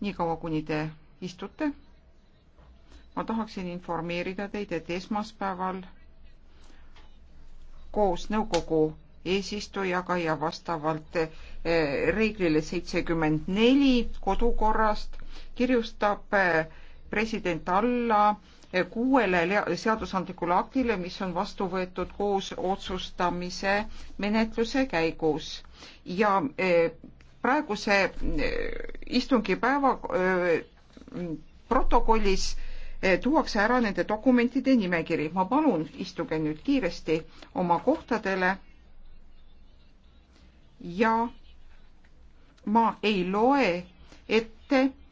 niikaua, kuni te istute. ma tahaksin informeerida teid, et esmaspäeval koos nõukogu eesistujaga ja vastavalt eh, reeglile seitsekümmend neli kodukorrast kirjustab eh, president alla eh, kuuele seadusandlikule aktile, mis on vastu võetud koos otsustamise menetluse käigus ja praeguse istungi päeva protokollis tuuakse ära nende dokumentide nimekiri. ma palun, istuge nüüd kiiresti oma kohtadele. ja ma ei loe ette